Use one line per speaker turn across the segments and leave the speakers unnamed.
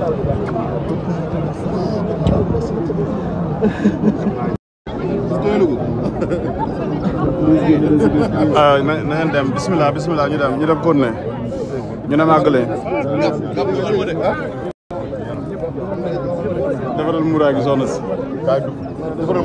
Ah, na ngeen dem bisimilah bisimilah ñu dem ñu dem kon ne ñu dem àggale. defaral muraay gi soxna si. defaral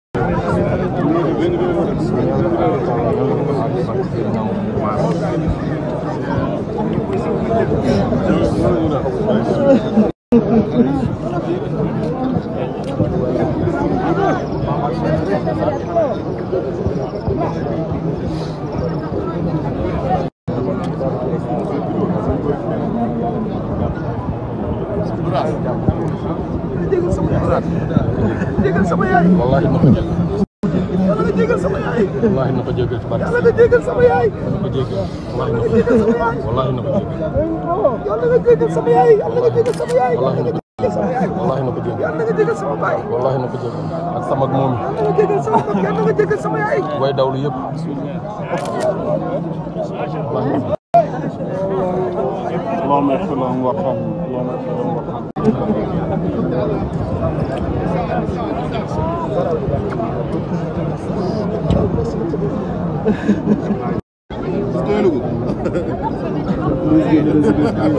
jégal sama yaay. jégal sama yaay. wallaahi na ko jégal. yàlla nga jégal sama yaay. wallaahi na ko jégal ci barke. yàlla nga jégal sama yaay. na ko jégal. wallaahi na ko jégal. wallaahi na ko jégal. yàlla nga jégal sama yaay. yàlla nga jégal sama yaay. wallaahi na ko jégal. wallaahi na ko jégal. yàlla nga jégal sama baay. wallaahi na ko jégal. ak sama ak moom yi. yàlla nga jégal sama bopp yàlla nga jégal sama yaay. way dawlu yëpp. اللهم اغفر لهم وارحمهم اللهم اغفر لهم وارحمهم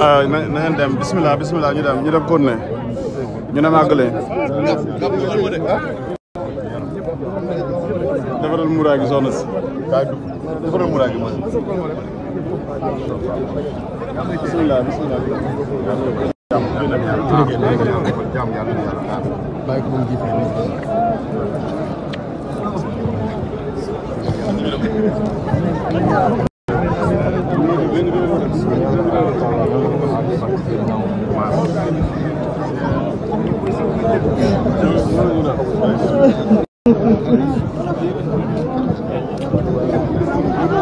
ah na ngeen dem bisimilah bisimilah ñu dem ñu dem kon ne ñu dem àggale. defaral muraay gi soxna si. bismillah bismillah Thank you.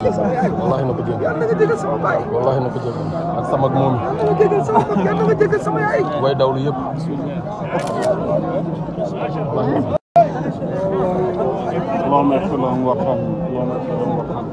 wallaahi na ko jégal yàlla na nga jégal sama baay wallaahi na ko jégal ak sama ak moom yàlla na nga jégal sama baay yàlla na nga jégal sama yaay way dawlu yëpp اللهم اغفر لهم وارحمهم اللهم اغفر لهم وارحمهم